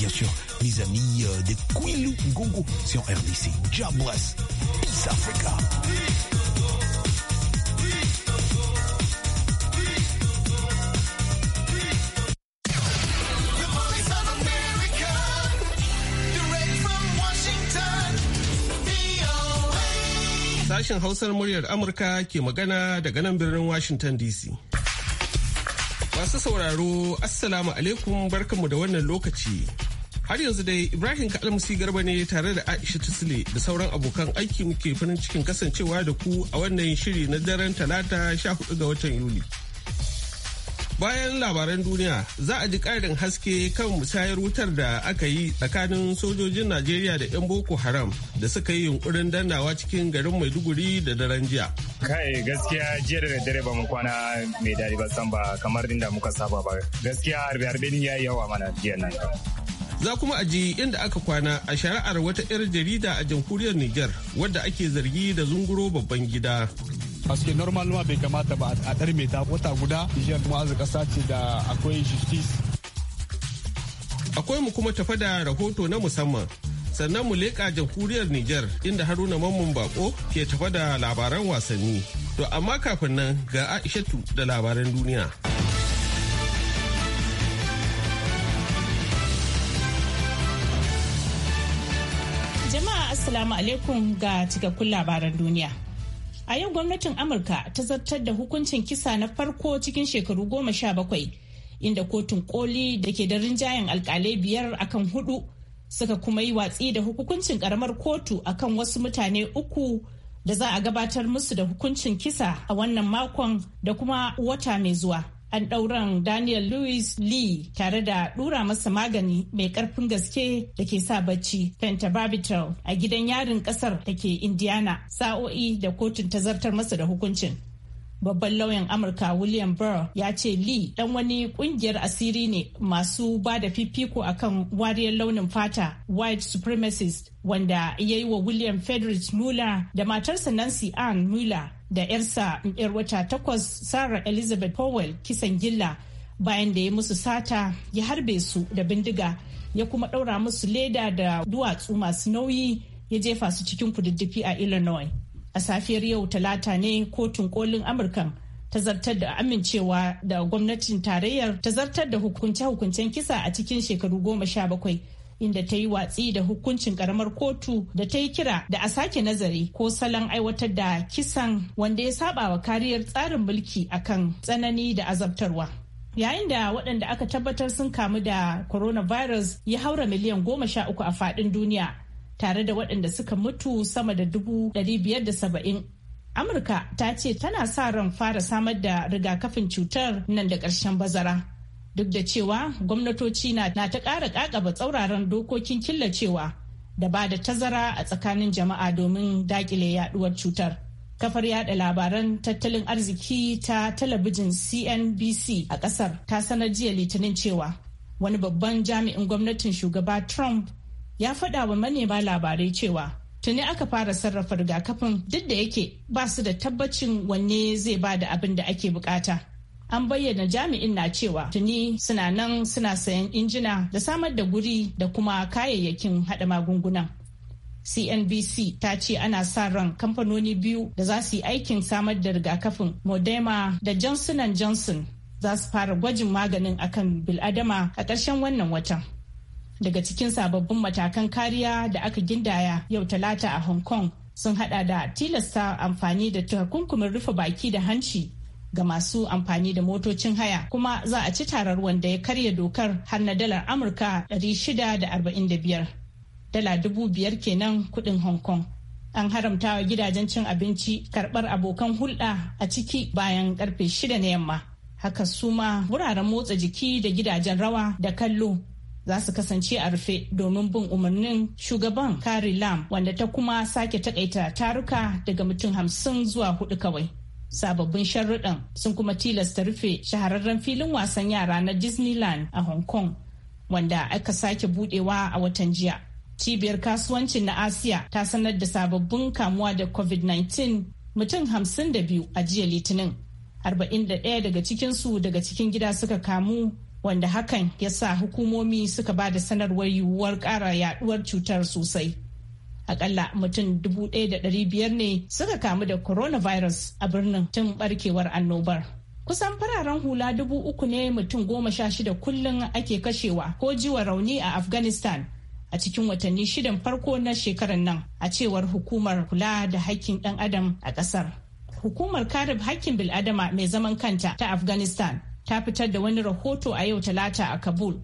bien sûr les amis euh, des Kouilou Gongo sur RDC. Jabras, Peace Africa. Sashen Hausar muryar Amurka ke magana daga nan birnin Washington DC. Masu sauraro, Assalamu alaikum barkanmu da wannan lokaci. Har yanzu dai Ibrahim Kalmusi Garba ne tare da Aisha Tisle da sauran abokan aiki muke farin cikin kasancewa da ku a wannan shiri na daren talata 14 ga watan Yuli. Bayan labaran duniya za a ji ƙarin haske kan musayar wutar da aka yi tsakanin sojojin Najeriya da 'yan Boko Haram da suka yi yunkurin dannawa cikin garin Maiduguri da daren jiya. Kai gaskiya jiya da daddare ba mu kwana mai daɗi ba san ba kamar inda muka saba ba. Gaskiya harbe-harbe ya yi yawa mana jiya nan. Za kuma a ji inda aka kwana a shari'ar wata 'yar jarida a jamhuriyar Niger wadda ake zargi da zunguro babban gida. paske normal ma bai kamata ba a dar ta wata guda Nijar kuma kasa ce da akwai justice. Akwai mu kuma tafa da rahoto na musamman sannan mu leƙa jamhuriyar Niger inda Haruna Mamman Bako ke tafa da labaran wasanni. To amma kafin nan ga Aishatu da labaran duniya. Assalamu alaikum ga cikakkun labaran duniya. A yau gwamnatin Amurka ta zartar da hukuncin kisa na farko cikin shekaru goma sha bakwai inda kotun koli da ke da rinjayen alkalai biyar akan hudu suka kuma yi watsi da hukuncin karamar kotu akan wasu mutane uku da za a gabatar musu da hukuncin kisa a wannan makon da kuma wata mai zuwa. an ɗauran Daniel Lewis Lee tare da ɗura masa magani mai ƙarfin gaske da ke sa bacci pentobarbital a gidan yarin ƙasar da ke Indiana sa'o'i da kotun ta zartar masa da hukuncin. Babban lauyan Amurka William Burr ya ce Lee ɗan wani ƙungiyar asiri ne masu ba da fifiko akan wariyar launin fata white supremacist wanda ya yi wa William Frederick Muller da matarsa Nancy Ann Muller. da 'yarsa 'yar wata takwas sarah elizabeth powell kisan gilla bayan da ya musu sata ya harbe su da bindiga ya kuma ɗaura musu leda da duwatsu masu nauyi ya jefa su cikin kududdufi a illinois a safiyar yau talata ne kotun kolin amurkan ta zartar da amincewa da gwamnatin tarayyar ta zartar da hukunce-hukuncen kisa a cikin shekaru goma sha bakwai inda ta yi watsi da hukuncin karamar kotu da ta yi kira da a sake nazari ko salon aiwatar da kisan wanda ya saba wa kariyar tsarin mulki akan tsanani da azabtarwa. Yayin da waɗanda aka tabbatar sun kamu da coronavirus ya haura miliyan goma sha uku a faɗin duniya tare da waɗanda suka mutu sama da dubu ɗari biyar da saba'in. Amurka ta ce tana sa ran fara samar da rigakafin cutar nan da ƙarshen bazara. duk da cewa gwamnatoci na ta ƙara ƙaƙaba tsauraran dokokin killacewa da ba da tazara a tsakanin jama'a domin daƙile yaduwar cutar. Kafar yada labaran tattalin arziki ta talabijin CNBC a ƙasar ta sanar jiya litinin cewa wani babban jami'in gwamnatin shugaba Trump ya faɗa wa manema labarai cewa tuni aka fara sarrafa rigakafin duk da yake ba su da tabbacin wanne zai ba da abin da ake bukata. an bayyana jami'in na cewa tuni suna nan suna sayan injina da samar da guri da kuma kayayyakin hada magungunan cnbc ta ce ana sa ran kamfanoni biyu da za su yi aikin samar da rigakafin Modema da johnson johnson za su fara gwajin maganin akan biladama a ƙarshen wannan watan daga cikin sababbin matakan kariya da aka gindaya yau talata a hong kong sun hada da tilasta amfani da takunkumin rufe baki da hanci ga masu amfani da motocin haya kuma za a ci tarar wanda ya karya dokar har na dalar amurka 645 dala dubu biyar kenan kudin hong kong an haramta wa gidajen cin abinci karbar abokan hulɗa a ciki bayan karfe shida na yamma haka su ma wuraren motsa jiki da gidajen rawa da kallo za su kasance a rufe domin bin umarnin shugaban kari lam wanda ta kuma sake takaita taruka daga mutum hamsin zuwa hudu kawai sababbin sharruɗan sun kuma tilasta rufe shahararren filin wasan yara na disneyland a hong kong wanda aka sake budewa a watan jiya cibiyar kasuwanci na asiya ta sanar da sababbin kamuwa da covid-19 mutum hamsin da biyu a jiya litinin ɗaya daga cikinsu daga cikin gida suka kamu wanda hakan ya sa hukumomi suka ba da sanarwar yiwuwar ƙara yaduwar cutar sosai akalla mutum da 1,500 ne suka kamu da coronavirus a birnin tun barkewar annobar. Kusan fararen hula dubu uku ne mutum goma sha shida kullum ake kashewa ko jiwa rauni a Afghanistan a cikin watanni shidan farko na shekarar nan a cewar hukumar kula da haƙƙin ɗan adam a ƙasar. Hukumar kare haƙƙin bil'adama mai zaman kanta ta Afghanistan ta fitar da wani rahoto a yau talata a Kabul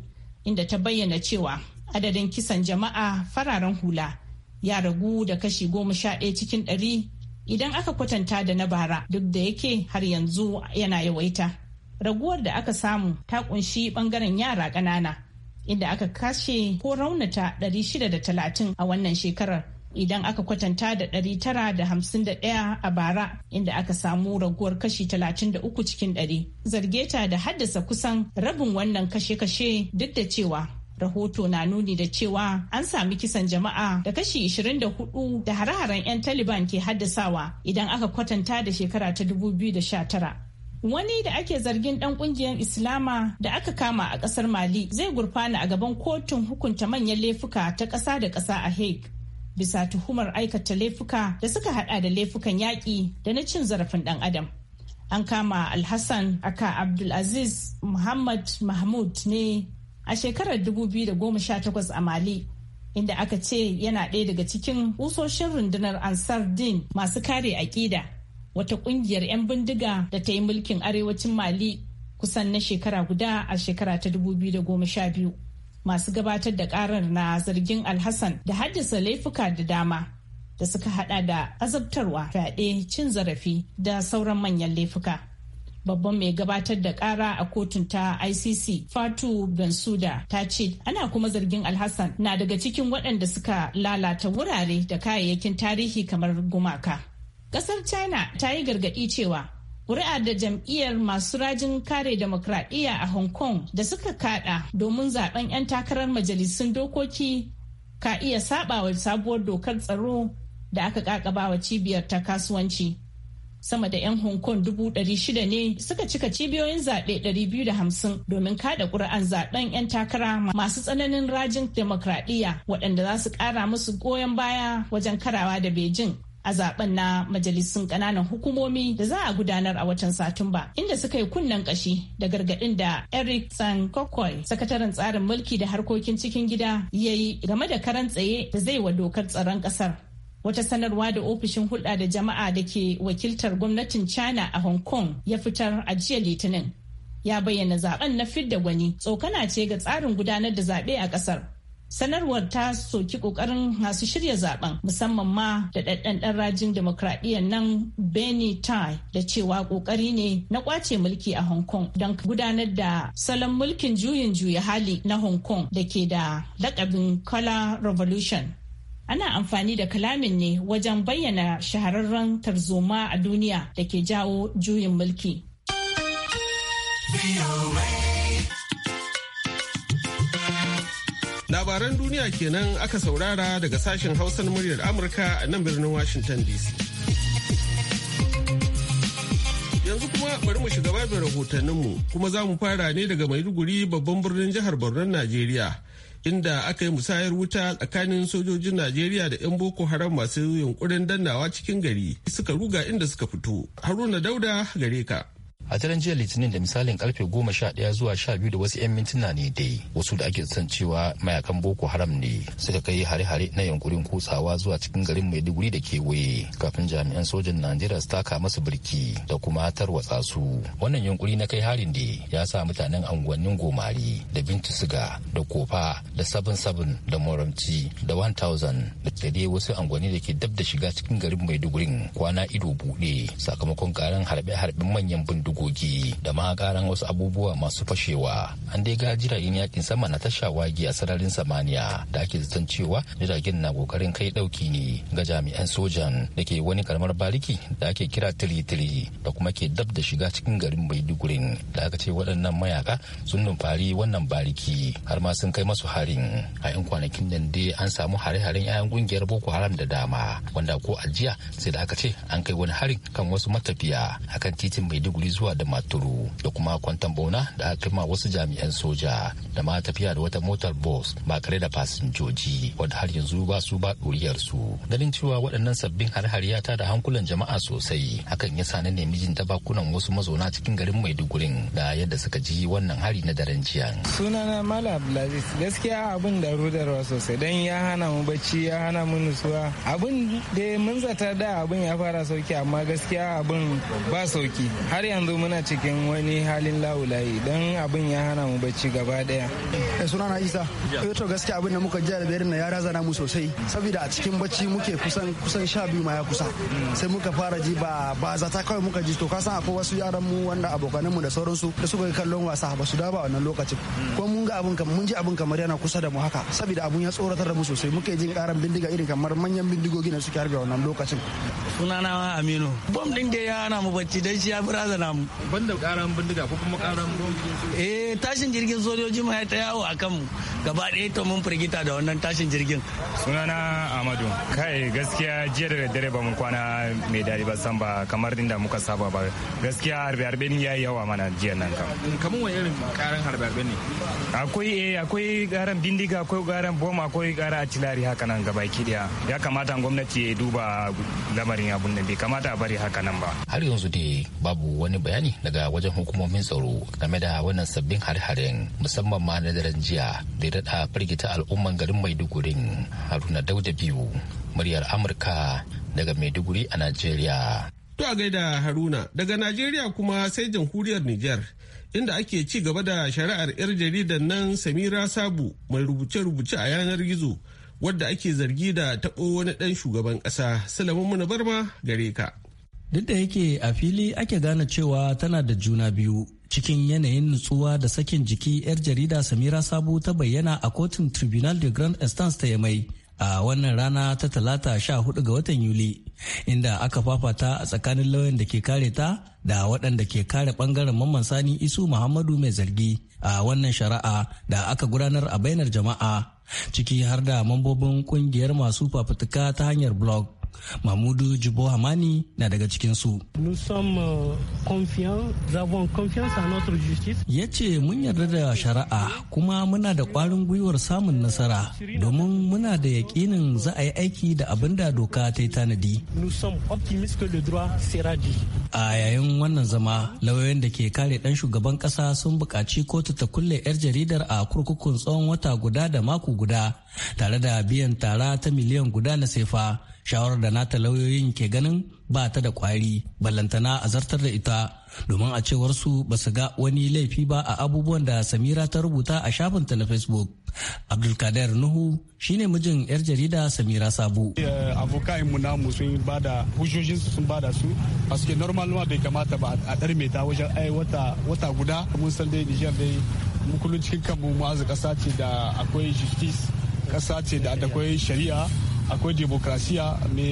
inda ta bayyana cewa adadin kisan jama'a fararen hula ya ragu da kashi goma sha ɗaya cikin ɗari idan aka kwatanta da na bara duk da yake har yanzu yana yawaita. Raguwar da aka samu ta kunshi ɓangaren yara ƙanana inda aka kashe ko raunata ɗari shida da talatin a wannan shekarar idan aka kwatanta da ɗari tara da da hamsin ɗaya a bara inda aka samu raguwar kashi talatin da uku cikin 100 zargeta da haddasa kusan rabin wannan kashe-kashe duk da cewa rahoto na nuni da cewa an sami kisan jama'a da kashi 24 da hare-haren 'yan taliban ke haddasawa idan aka kwatanta da shekara ta 2019 wani da ake zargin dan kungiyar islama da aka kama a kasar mali zai gurfana a gaban kotun hukunta manyan laifuka ta kasa da kasa a hague bisa tuhumar aikata laifuka da suka hada da laifukan yaƙi da na cin zarafin dan adam an kama alhassan aka abdulaziz muhammad mahmud ne a shekarar 2018 a Mali. inda aka ce yana ɗaya daga cikin ƙusoshin rundunar ansar din masu kare aƙida wata ƙungiyar 'yan bindiga da ta yi mulkin arewacin mali kusan na shekara guda a shekara ta 2012 masu gabatar da ƙarar na zargin alhassan da haddasa laifuka da dama da suka hada da azabtarwa fyaɗe cin zarafi da sauran manyan laifuka. babban mai gabatar da kara a kotun ta ICC Fatu Bensuda ta ce ana kuma zargin Alhassan na daga cikin waɗanda suka lalata wurare da kayayyakin tarihi kamar gumaka. Kasar China ta yi gargaɗi cewa ƙuri'a da jam'iyyar masu rajin kare demokradiyya a Hong Kong da suka kaɗa domin zaben 'yan takarar majalisun dokoki ka iya saɓawa sabuwar dokar tsaro da aka ƙaƙabawa cibiyar ta kasuwanci. sama da 'yan hong kong dubu shida ne suka cika cibiyoyin zaɓe biyu da hamsin domin kada ƙuri'an zaɓen 'yan takara masu tsananin rajin demokradiyya waɗanda za su ƙara musu goyon baya wajen karawa da beijing a zaben na majalisun ƙananan hukumomi da za a gudanar a watan satumba inda suka yi kunnen kashi da gargaɗin da eric sankokoy sakataren tsarin mulki da harkokin cikin gida ya yi game da karan tsaye da zai wa dokar tsaron ƙasar wata sanarwa da ofishin hulɗa da jama'a da ke wakiltar gwamnatin china a hong kong ya fitar a jiya litinin ya bayyana zaben na fidda gwani tsokana ce ga tsarin gudanar da zaɓe a ƙasar sanarwar ta soki ƙoƙarin masu shirya zaben musamman ma da ɗanɗan rajin demokradiyyar nan benny tai da cewa ƙoƙari ne na ƙwace mulki a hong kong don gudanar da salon mulkin juyin juya hali na hong kong da ke da lakabin color revolution ana amfani da kalamin ne wajen bayyana shahararren tarzoma a duniya da ke jawo juyin mulki. Labaran duniya kenan aka saurara daga sashen hausan muryar Amurka a nan birnin Washington DC. Yanzu kuma bari mu shiga babin rahotanninmu kuma za mu fara ne daga Maiduguri babban birnin jihar Borno Najeriya. inda aka yi musayar wuta tsakanin sojojin Najeriya da 'yan Boko Haram masu yunkurin dannawa cikin gari suka ruga inda suka fito. Haruna Dauda gare ka. a daren jiya litinin da misalin karfe goma sha ɗaya zuwa sha biyu da wasu 'yan mintuna ne dai wasu da ake san cewa mayakan boko haram ne suka kai hare-hare na yankurin kutsawa zuwa cikin garin maiduguri da ke kewaye kafin jami'an sojan najeriya su taka masu birki da kuma tarwatsa su wannan yankuri na kai harin da ya sa mutanen anguwannin gomari da binti siga da kofa da sabon sabon da moramci da 1000 da dai wasu anguwanni da ke dab da shiga cikin garin maidugurin kwana ido buɗe sakamakon garin harbe-harben manyan bindigo bindigogi da ma karan wasu abubuwa masu fashewa an dai ga jiragen yakin sama na tasha wagi a sararin samaniya da ake zaton cewa jiragen na kokarin kai dauki ne ga jami'an sojan da ke wani karamar bariki da ake kira tiri-tiri da kuma ke dab da shiga cikin garin maidugurin da aka ce waɗannan mayaka sun numfari wannan bariki har ma sun kai masu harin a 'yan kwanakin nan dai an samu hare-haren 'ya'yan kungiyar boko haram da dama wanda ko a jiya sai da aka ce an kai wani harin kan wasu matafiya akan titin maiduguri zuwa zuwa da maturu da kuma kwantan bona da aka ma wasu jami'an soja da ma tafiya da wata motar bus ba kare da fasinjoji wadda har yanzu ba su ba ɗuriyar su ganin cewa waɗannan sabbin har ya ta da hankulan jama'a sosai hakan ya sa na nemi jin tabakunan wasu mazauna cikin garin maidugurin da yadda suka ji wannan hari na daren jiya sunana mala abdulaziz gaskiya abin da rudarwa sosai dan ya hana mu bacci ya hana mu nutsuwa abin da mun zata da abin ya fara sauki amma gaskiya abin ba sauki har yanzu muna cikin wani halin laulayi don abin ya hana mu bacci gaba daya eh, suna na isa eh, to gaskiya abin da muka jiya da na ya razana mu sosai saboda a cikin bacci muke kusan kusan sha biyu ma ya kusa sai muka fara ji ba ba zata kawai muka ji to kasan akwai wasu yaran mu wanda abokanin mu da sauransu da suka yi kallon wasa ba su daba ba wannan lokacin ko mun ga abin kamar mun ji abin kamar yana kusa da mu haka saboda abun ya tsoratar da mu sosai muke jin karan bindiga irin kamar manyan bindigogi na suke harbe wannan lokacin sunana aminu bom din da ya hana mu bacci dan shi ya fi razana mu banda karan bindiga ko kuma karan eh tashin jirgin sojoji ma ya ta yawo a kanmu gaba ɗaya to mun firgita da wannan tashin jirgin sunana amadu kai gaskiya jiya da dare ba mun kwana mai dadi ba san ba kamar dinda da muka saba ba gaskiya harbe harbe ya yi yawa mana jiya nan kam kamar wani irin karan harbe harbe ne akwai eh akwai karan bindiga akwai karan boma akwai karan atilari haka nan gaba kidiya ya kamata gwamnati ya duba lamarin abun nan bai kamata a bari haka nan ba har yanzu dai babu wani bayani bayani daga wajen hukumomin tsaro game da wannan sabbin hare-haren musamman ma na daren jiya da daɗa firgita al'umman garin Maiduguri haruna dauda biyu muryar amurka daga maiduguri a najeriya to a gaida haruna daga najeriya kuma sai jamhuriyar niger inda ake ci gaba da shari'ar 'yar jaridar nan samira sabu mai rubuce-rubuce a yanar gizo wadda ake zargi da taɓo wani ɗan shugaban ƙasa salamun mu na barma gare ka Duk da yake a fili ake gane cewa tana da juna biyu cikin yanayin nutsuwa da sakin jiki 'yar jarida Samira Sabu ta bayyana a kotun Tribunal de Grand Instance ta Yamai a wannan rana ta talata sha hudu ga watan Yuli inda aka fafata a tsakanin lauyan da ke kare ta da waɗanda ke kare ɓangaren mamman sani Isu Muhammadu mai zargi a wannan shari'a da aka gudanar a bainar jama'a ciki har da mambobin ƙungiyar masu fafutuka ta hanyar blog Mamudu Jibo Hamani na daga cikinsu. Euh, ya ce mun yarda da shari'a kuma muna da ƙwarin gwiwar samun nasara domin muna da yaƙinin za a yi aiki da abin da doka ta yi tanadi. A yayin wannan zama lauyoyin da ke kare ɗan shugaban ƙasa sun buƙaci kotu ta kulle 'yar jaridar a kurkukun tsawon wata guda da mako guda tare da biyan tara ta miliyan guda na sefa. shawarar da nata lauyoyin ke ganin ba ta da kwari ballantana a zartar da ita domin a cewar su ba su ga wani laifi ba a abubuwan da samira ta rubuta a shafin ta na facebook abdulkader nuhu shine mijin yar jarida samira sabu eh, abokai mu namu sun ba da hujjojin sun ba da su paske normal ma bai kamata ba a ɗarme ta wajen eh, ai wata guda mun san dai nijar dai mukulun cikin kanmu mu azu kasa ce da akwai justice kasa da akwai shari'a akwai demokrasiya me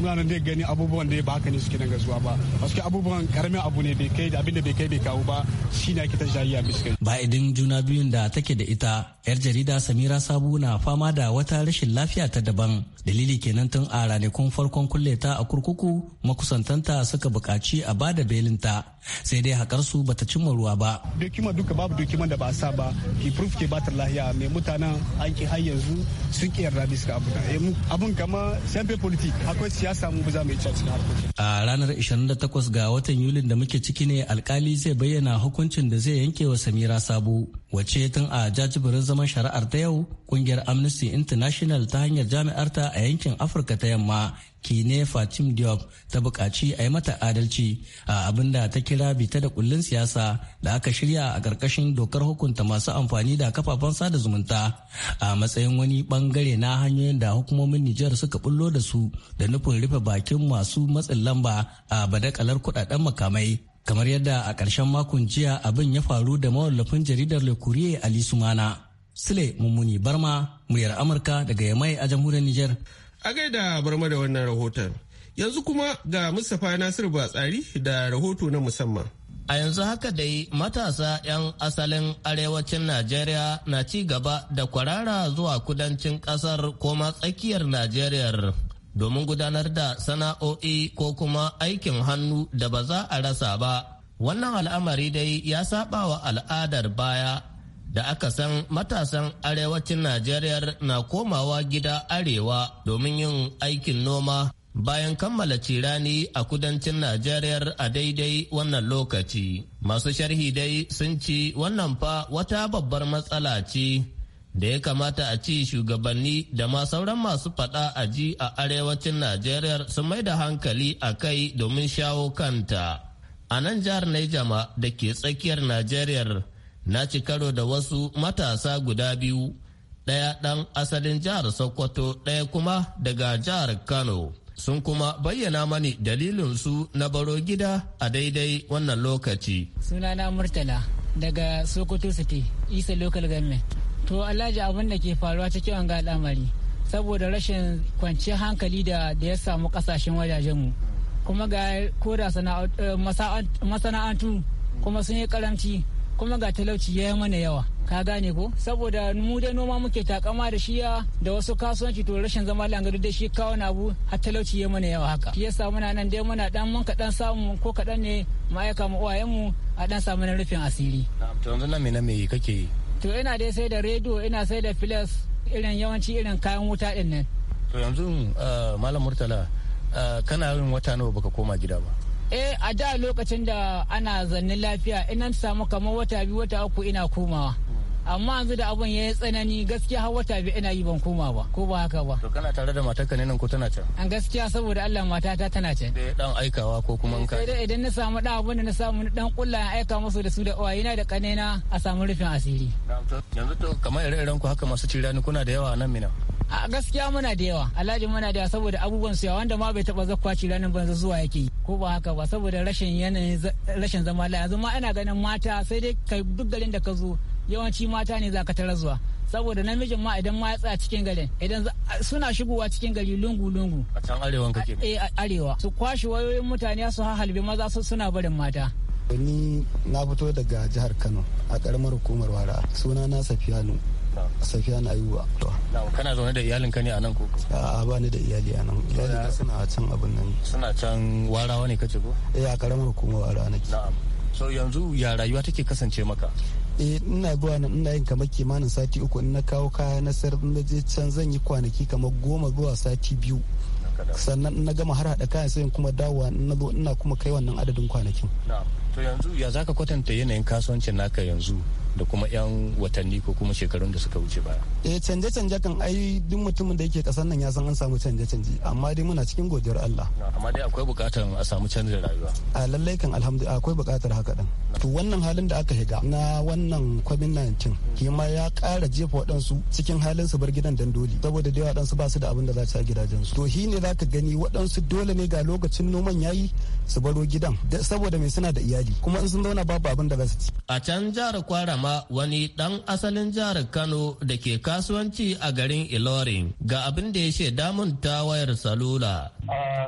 muna nan dai gani abubuwan da ba haka ne suke nan zuwa ba wasu abubuwan karamin abu ne bai kai abinda bai kai bai kawo ba shi ne ake ta shayi a miskin. ba idin juna biyun da take da ita yar jarida samira sabu na fama da wata rashin lafiya ta daban dalili kenan tun a ranakun farkon kulle ta a kurkuku makusantanta suka bukaci a bada belinta sai dai hakar su bata cimma ruwa ba dokima duka babu dokiman da ba sa ba ki proof ke bata lahiya mai mutanen ki har yanzu sun ki yarda bisa abu eh, abun kama sanfe politik akwai siyasa mu za mai yi harkokin a ranar 28 ga watan yulin da muke ciki ne alkali zai bayyana hukuncin da zai yanke wa samira sabo wace tun a jajibirin zaman shari'ar ta yau kungiyar amnesty international ta hanyar jami'arta a yankin afirka ta yamma kine fatim diop ta bukaci a yi mata adalci a abin da ta kira bita da kullun siyasa da aka shirya a ƙarƙashin dokar hukunta masu amfani da kafafen sada zumunta a matsayin wani ɓangare na hanyoyin da hukumomin nijar suka bullo da su da nufin rufe bakin masu matsin lamba a badakalar kuɗaɗen makamai kamar yadda a ƙarshen makon jiya abin ya faru da mawallafin jaridar Le Courrier Ali Sumana. Sule Mummuni Barma, muryar Amurka daga Yamai a jamhuriyar Nijar. A gaida barma da wannan rahoton. Yanzu kuma ga Mustapha Nasiru Batsari da rahoto na musamman. A yanzu haka dai matasa 'yan asalin arewacin Najeriya na ci gaba da kwarara zuwa kudancin ƙasar koma tsakiyar Najeriya domin gudanar da sana'o'i ko kuma aikin hannu da ba za a rasa ba. Wannan al'amari dai ya saba wa al'adar baya da aka san matasan arewacin Najeriya na komawa gida arewa domin yin aikin noma bayan kammala cirani a kudancin Najeriya a daidai wannan lokaci. Masu sharhi dai sun ci wannan fa wata babbar matsala ce da ya kamata a ci shugabanni da ma sauran masu fada a ji a arewacin Najeriya sun mai da hankali a kai domin shawo kanta. A nan jihar Naijama da ke tsakiyar Najeriya na ci karo da wasu matasa guda biyu ɗaya ɗan asalin jihar sokoto ɗaya kuma daga jihar kano sun kuma bayyana mani dalilinsu na baro gida a daidai wannan lokaci sunana murtala daga sokoto city isa local government to alhaji abin da ke faruwa cikin an ga al'amari saboda rashin kwanciyar hankali da ya samu kasashen wajajenmu kuma ga koda eh, masana'antu kuma sun yi karanci kuma ga talauci ya yi mana yawa ka gane ko saboda mu da noma muke takama da shiya da wasu kasuwanci to rashin zama langari da shi kawo na abu har talauci ya mana yawa haka shi yasa muna nan dai muna dan mun kaɗan samu ko kaɗan ne ma'aika mu a dan samu na rufin asiri. to yanzu nan me na me kake yi. to ina dai sai da rediyo ina sai da filas irin yawanci irin kayan wuta din nan. to yanzu eh, malam murtala eh, kana yin wata nawa baka koma gida ba. eh a da lokacin da ana zannin lafiya ina samu kamar wata biyu wata uku ina komawa amma yanzu da abun ya yi tsanani gaskiya har wata biyu ina yi ban koma ba ko ba haka ba to kana tare da matarka ne nan ko tana can an gaskiya saboda Allah matata tana can eh dan aikawa ko kuma ka sai idan na samu da abun da na samu dan kulla ya aika musu da su da uwa yana da kanena a samu rufin asiri yanzu to kamar ire-iren ku haka masu cirani kuna da yawa nan mina a gaskiya muna da yawa alhaji muna da yawa saboda abubuwan su wanda ma bai taba zakwaci ranar banza zuwa yake yi ko ba haka ba saboda rashin yanayin rashin zama lafiya yanzu ma ana ganin mata sai dai kai duk garin da ka zo yawanci mata ne za ka tara zuwa saboda namijin ma idan ma ya tsaya cikin garin idan suna shigowa cikin gari lungu lungu a can arewa kake ne eh arewa su kwashi wayoyin mutane su halbe maza su suna barin mata ni na fito daga jihar Kano a karamar hukumar Wara suna na Safiyanu safiyan ayuba kana zaune da iyalin ka ne a nan ko a ba ni da iyali a nan iyali suna can abin nan suna can warawa ne kace ko eh a karamar kuma warawa nake na'am so yanzu ya rayuwa take kasance maka eh ina zuwa nan ina yin kamar kimanin sati uku ina na kawo kaya na sayar na je can zan yi kwanaki kamar goma zuwa sati biyu sannan na gama har haɗa kayan sai kuma dawowa na zo ina kuma kai wannan adadin kwanakin to yanzu ya zaka kwatanta yanayin kasuwancin naka yanzu da kuma 'yan watanni ko kuma shekarun da suka wuce baya. eh canje-canje kan ai duk mutumin da yake kasan nan ya san an samu canje-canje amma dai muna cikin godiyar Allah. amma dai akwai bukatar a samu canjin rayuwa. a lallai kan alhamdulillah akwai bukatar haka din. to wannan halin da aka shiga na wannan covid-19 kima ya kara jefa waɗansu cikin halin su bar gidan dandoli saboda da yawa waɗansu ba su da abin da za su gidajensu. to shi ne za ka gani waɗansu dole ne ga lokacin noman yayi su baro gidan saboda mai suna da iyali kuma in sun zauna babu abin da za su ci. a can jihar kwara amma wani ɗan asalin jihar Kano da ke kasuwanci a garin Ilorin ga abin da ya shaida damun ta wayar salula.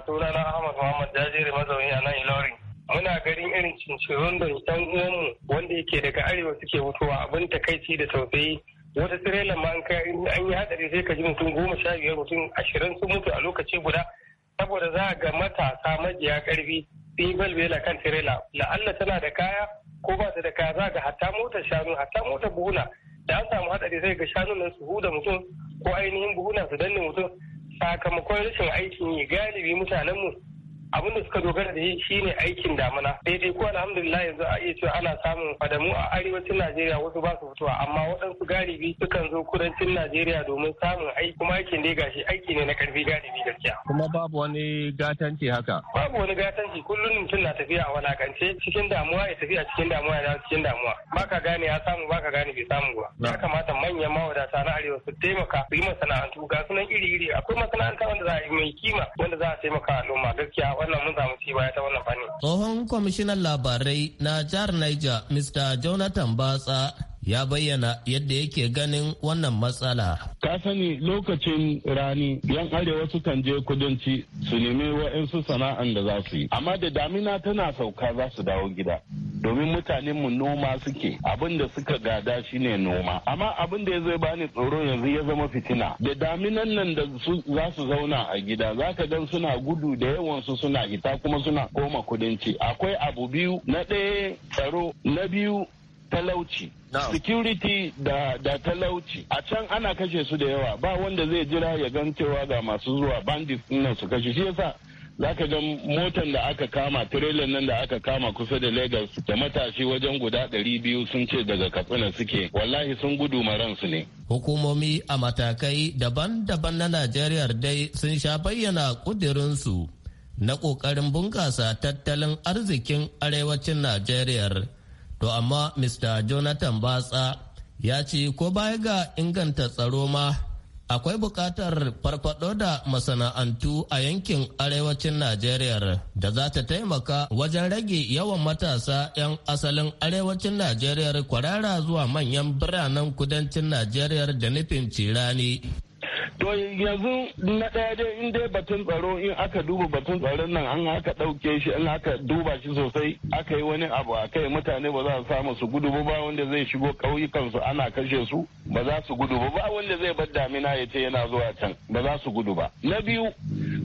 Sunana Ahmad Muhammad Jajiri mazauni a nan Ilorin. Muna garin irin cincirin da ɗan uwanmu wanda yake daga arewa suke mutuwa abin takaici da tausayi wata tirelan ma an yi hadari sai ka ji mutum goma sha biyar mutum ashirin sun mutu a lokaci guda saboda za ga matasa majiya karfi sun yi la kan tirela la'alla tana da kaya ko ba da kaya za ga hatta motar shanu hatta motar buhuna da an samu hatsari sai ga shanu nan su huda mutum ko ainihin buhuna su danne mutum sakamakon rashin aikin yi galibi mutanenmu abin da suka dogara da shi shine aikin damuna daidai ko alhamdulillah yanzu a iya cewa ana samun fadamu a arewacin najeriya wasu ba su fitowa amma waɗansu galibi sukan zo kudancin najeriya domin samun aiki kuma aikin dai gashi aiki ne na karfi galibi gaskiya kuma babu wani gatanci haka babu wani gatanci kullum mutum na tafiya a walakance cikin damuwa ya tafiya cikin damuwa ya cikin damuwa baka gane ya samu baka gane bai samu ba ya kamata manyan mawadata na arewa su taimaka su yi masana'antu ga sunan iri iri akwai masana'anta wanda za a yi mai kima wanda za a taimaka al'umma gaskiya wannan mun samu ci baya ta wannan fanni. Tsohon kwamishinan labarai na jihar Niger, Mr. Jonathan Batsa ya bayyana yadda yake ganin wannan matsala. Ka sani lokacin rani yan arewa sukan je kudanci su nemi wa'insu sana'an da za su yi. Amma da damina tana sauka za su dawo gida. Domin mutanen mu noma suke abin da suka gada shine noma. Amma abin da ya zai bani tsoro yanzu ya zama fitina. Da daminan nan da za su zauna a gida za ka gan suna gudu da yawansu suna hita kuma suna koma kudanci. Akwai abu biyu na ɗaya tsaro na biyu talauci security da, da talauci a can ana kashe su da yawa ba wanda zai jira ya gan cewa ga masu zuwa bandits nan su kashe shi yasa za ka ga motan da aka kama trailer nan da aka kama kusa da lagos da matashi wajen guda 200 sun ce daga katsina suke wallahi sun gudu maransu ne hukumomi a matakai daban-daban na najeriya dai sun sha bayyana kudirinsu na ƙoƙarin bunƙasa tattalin arzikin arewacin najeriya To amma Mr. Jonathan Batsa ya ce ko baya ga inganta tsaro ma akwai buƙatar farfaɗo da masana'antu a yankin arewacin Najeriya da za ta taimaka wajen rage yawan matasa 'yan asalin arewacin Najeriya kwarara zuwa manyan biranen kudancin Najeriya da nufin cirani. to yanzu na ɗaya dai in dai batun tsaro in aka duba batun tsaron nan an aka ɗauke shi in aka duba shi sosai aka yi wani abu a kai mutane ba za su samu su gudu ba wanda zai shigo ƙauyukansu ana kashe su ba za su gudu ba wanda zai bar damina ya ce yana zuwa can ba za su gudu ba na biyu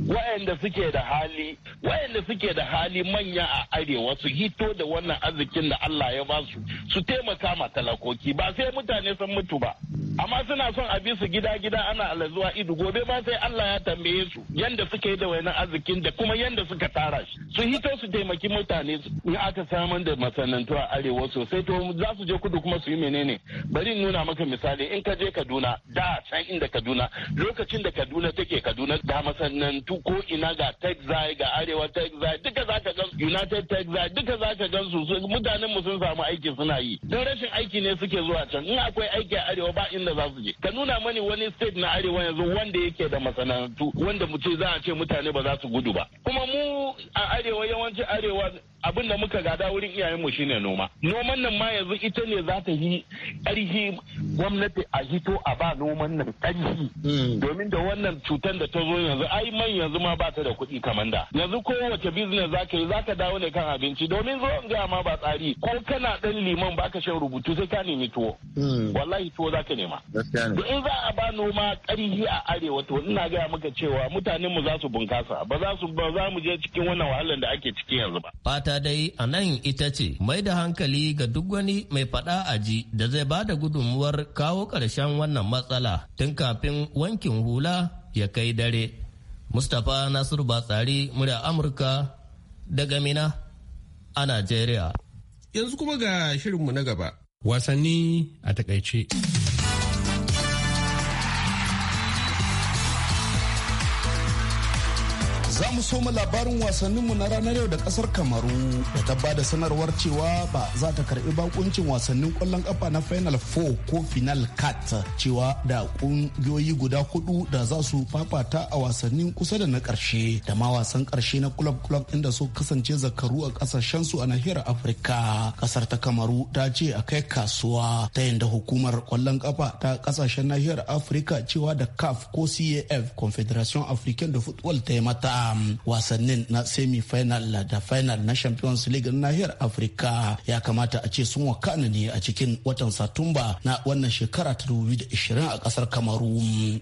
wayanda suke da hali wayanda suke da hali manya a arewa su hito da wannan arzikin da Allah ya ba su su taimaka ma talakoki ba sai mutane sun mutu ba amma suna son a bi su gida gida ana zuwa ido gobe ma sai Allah ya tambaye su yanda yi da wani arzikin da kuma yanda suka tara shi su hito su taimaki mutane in aka samar da masana'antu a arewa sosai to za su je kudu kuma su yi menene bari nuna maka misali in ka je Kaduna da can inda Kaduna lokacin da Kaduna take Kaduna da masana'antu ko ina ga Texas ga arewa Texas duka zaka ga United Texas duka zaka ga su mutanen mu sun samu aiki suna yi don rashin aiki ne suke zuwa can in akwai aiki a arewa ba inda za su je ka nuna mani wani state na arewa kuma yanzu wanda yake da masana'antu wanda mu za a ce mutane ba za su gudu ba kuma mu a arewa yawancin arewa abin da muka gada wurin iyayenmu shine noma noman nan ma yanzu ita ne za ta yi ƙarfi gwamnati a hito a ba noman nan ƙarfi hmm. domin da wannan cutar da ta zo yanzu ai man yanzu ma ba ta da kuɗi kamar da yanzu kowace business za ka yi za ka dawo ne kan abinci domin zo in gaya ma ba tsari ko kana ɗan liman ba ka shan rubutu sai ka nemi tuwo hmm. wallahi tuwo za ka nema to in za a ba noma ƙarfi a arewa to ina gaya maka cewa mutanenmu za su bunkasa ba za mu je cikin wannan wahalar da ake ciki yanzu ba ta dai a nan ita ce mai da hankali ga duk wani mai faɗa a ji da zai ba da gudunmuwar kawo ƙarshen wannan matsala tun kafin wankin hula ya kai dare. Mustapha Nasiru Batsari murya Amurka daga Mina a Najeriya. Yanzu kuma ga shirinmu na gaba. Wasanni a takaice. Za mu soma labarin wasanninmu na ranar yau da kasar Kamaru da ta da sanarwar cewa ba za ta karbi bakuncin wasannin kwallon kafa na Final Four ko Final Cut cewa da kungiyoyi guda hudu da za su fafata a wasannin kusa da na karshe da ma wasan karshe na club club inda su kasance zakaru a kasashen su a nahiyar Afirka. Kasar ta Kamaru ta ce a kai kasuwa ta yadda hukumar kwallon kafa ta kasashen nahiyar Afirka cewa da CAF ko CAF Confederation African de Football ta yi mata Um, wasannin na semi final da final na champions league na nahiyar afirka ya kamata a ce sun wakana ne a cikin watan satumba na wannan shekara ta 2020 a kasar kamaru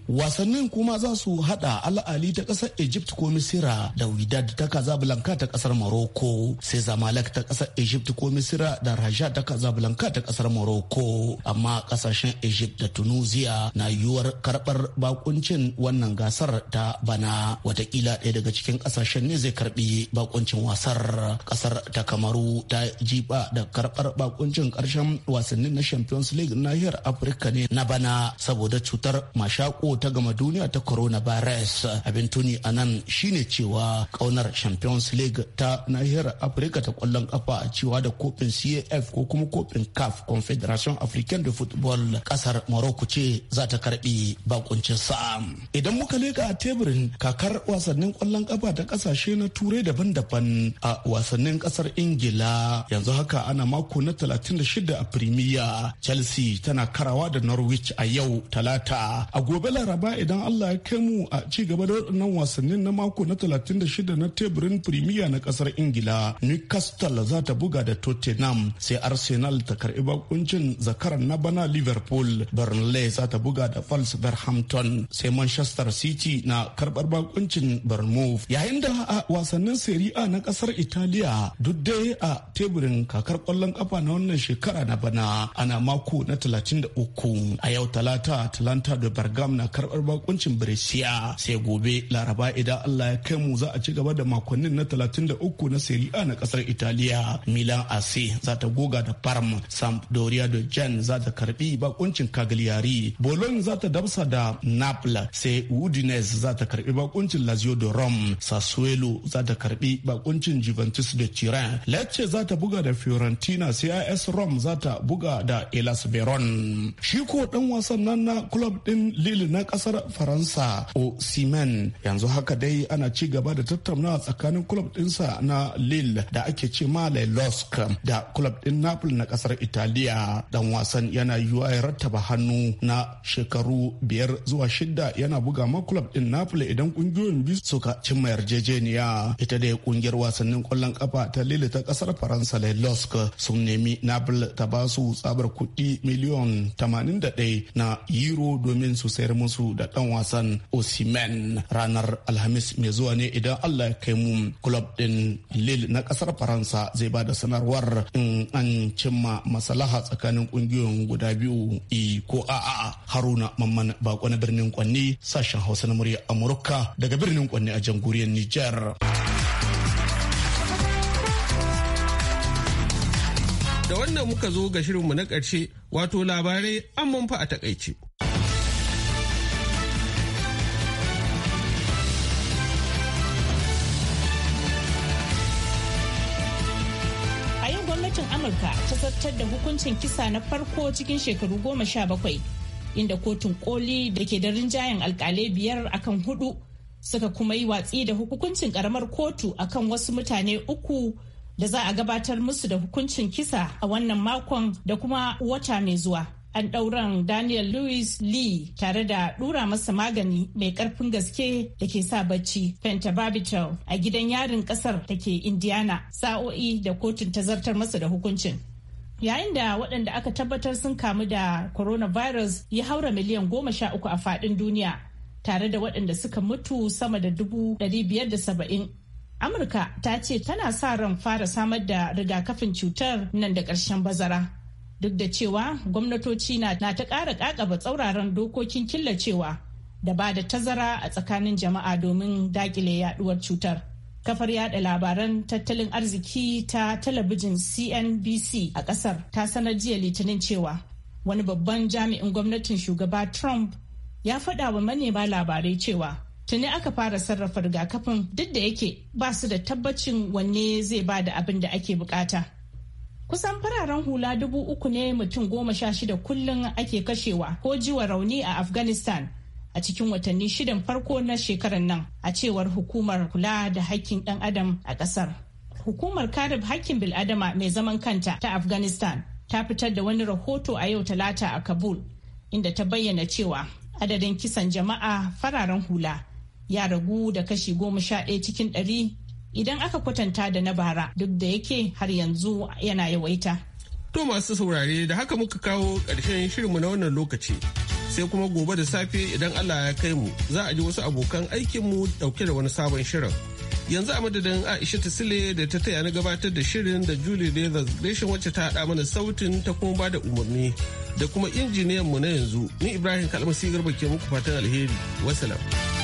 wasannin kuma za su hada al'ali ta kasar egypt ko misira da widad ta casablanca ta kasar morocco sai zamalek ta kasar egypt ko misira da raja ta casablanca ta kasar morocco amma kasashen egypt da tunisia na yiwuwar karbar bakuncin wannan gasar ta bana watakila ɗaya daga cikin kasashen ne zai karbi bakuncin wasar kasar ta kamaru ta jiba da karbar bakuncin karshen wasannin na champions league nahiyar afirka ne na bana saboda cutar mashako ta gama duniya ta coronavirus abin tuni a nan shine cewa kaunar champions league ta nahiyar afirka ta kwallon kafa cewa da kofin caf ko kuma kofin caf confederation african de football kasar morocco ce za ta karbi bakuncin sa idan muka leka teburin kakar wasannin kwallon ƙwallon kafa ta ƙasashe na turai daban-daban a wasannin kasar ingila yanzu haka ana mako na 36 a firimiya chelsea tana karawa da norwich a yau talata a gobe laraba idan allah ya kai mu a ci gaba da waɗannan wasannin na mako na 36 na teburin firimiya na kasar ingila newcastle za ta buga da tottenham sai arsenal ta karɓi bakuncin zakaran na bana liverpool burnley za ta buga da falls berhampton sai manchester city na karɓar bakuncin bermo yayin da a wasannin Serie na kasar Italiya duk dai a teburin kakar kwallon kafa na wannan shekara na bana ana mako na 33 a yau talata talanta da Bergam na karbar bakuncin Brescia sai gobe Laraba idan Allah ya kai mu za a ci gaba da makonnin na 33 na Serie na kasar Italiya Milan AC za ta goga da Parma Sampdoria da Jan za ta karbi bakuncin Cagliari Bologna za ta dabsa da Napla. sai Udinese za ta karbi bakuncin Lazio da Rome sasuelu Sassuolo za ta karbi bakuncin Juventus da Chira. Lecce za ta buga da Fiorentina cis rom Rome za ta buga da Elas Veron shi ko dan wasan nan na club din Lille na kasar Faransa Osimhen yanzu haka dai ana ci gaba da tattaunawa tsakanin club dinsa na Lille da ake ce ma Losk da club din Napoli na kasar Italiya dan wasan yana yiwuwa ya rattaba hannu na shekaru biyar zuwa shidda yana buga ma club din Napoli idan kungiyoyin biyu suka ci cimma yarjejeniya ita da kungiyar wasannin kwallon kafa ta lili ta kasar faransa losk sun nemi nabil ta ba su tsabar kuɗi miliyon 81 na euro domin su sayar musu da dan wasan osimen ranar alhamis mai zuwa ne idan allah ya kai mu club din lil na kasar faransa zai ba da sanarwar in an cimma masalaha tsakanin kungiyoyin guda biyu i e ko a'a haruna mamman bako na birnin kwanni sashen hausa na murya amurka daga birnin kwanni a jan jamhuriyar Nijar. Da wannan muka zo ga shirinmu na ƙarshe wato labarai an manfa a takaice. gwamnatin amurka ta zartar da hukuncin kisa na farko cikin shekaru goma sha bakwai inda kotun koli da ke da rinjayen alkalai biyar akan hudu suka kuma yi watsi da hukuncin karamar kotu akan wasu mutane uku da za a gabatar musu da hukuncin kisa a wannan makon da kuma wata mai zuwa. An ɗauran Daniel Lewis Lee tare da ɗura masa magani mai ƙarfin gaske da ke sa bacci pentabarbital a gidan yarin ƙasar da ke Indiana sa'o'i da kotun ta zartar masa da hukuncin. Yayin da waɗanda aka tabbatar sun kamu da coronavirus ya haura miliyan goma sha uku a faɗin duniya tare da waɗanda suka mutu sama da dubu saba'in. Amurka ta ce tana sa ran fara samar da rigakafin cutar nan da ƙarshen bazara. Duk da cewa gwamnatoci na ta ƙara ƙaƙaba tsauraran dokokin killacewa da ba da tazara a tsakanin jama'a domin daƙile yaɗuwar cutar. Kafar yada labaran tattalin arziki ta talabijin CNBC a ƙasar ta sanar jiya litinin cewa wani babban jami'in gwamnatin shugaba Trump ya faɗa wa manema labarai cewa tuni aka fara sarrafa rigakafin duk da yake ba su da tabbacin wanne zai ba da abin da ake bukata. Kusan fararen hula dubu uku ne mutum goma sha shida kullum ake kashewa ko jiwa rauni a Afghanistan a cikin watanni shidan farko na shekarar nan a cewar hukumar kula da hakkin ɗan adam a ƙasar. Hukumar kare hakkin bil'adama mai zaman kanta ta Afghanistan ta fitar da wani rahoto a yau talata a Kabul inda ta bayyana cewa adadin kisan jama'a fararen hula ya ragu da kashi goma sha ɗaya cikin ɗari idan aka kwatanta da na bara duk da yake har yanzu yana yawaita. To masu saurare da haka muka kawo ƙarshen shirinmu na wannan lokaci. Sai kuma gobe da safe idan Allah ya kai mu za a ji wasu abokan aikinmu ɗauke da wani sabon shirin. yanzu a madadin aisha sile da ta taya na gabatar da shirin da julie leathers reshen wacce ta haɗa mana sautin ta kuma ba da umarni da kuma injiniyan mu na yanzu ni ibrahim kalmasi garba ke muku fatan alheri wasalam.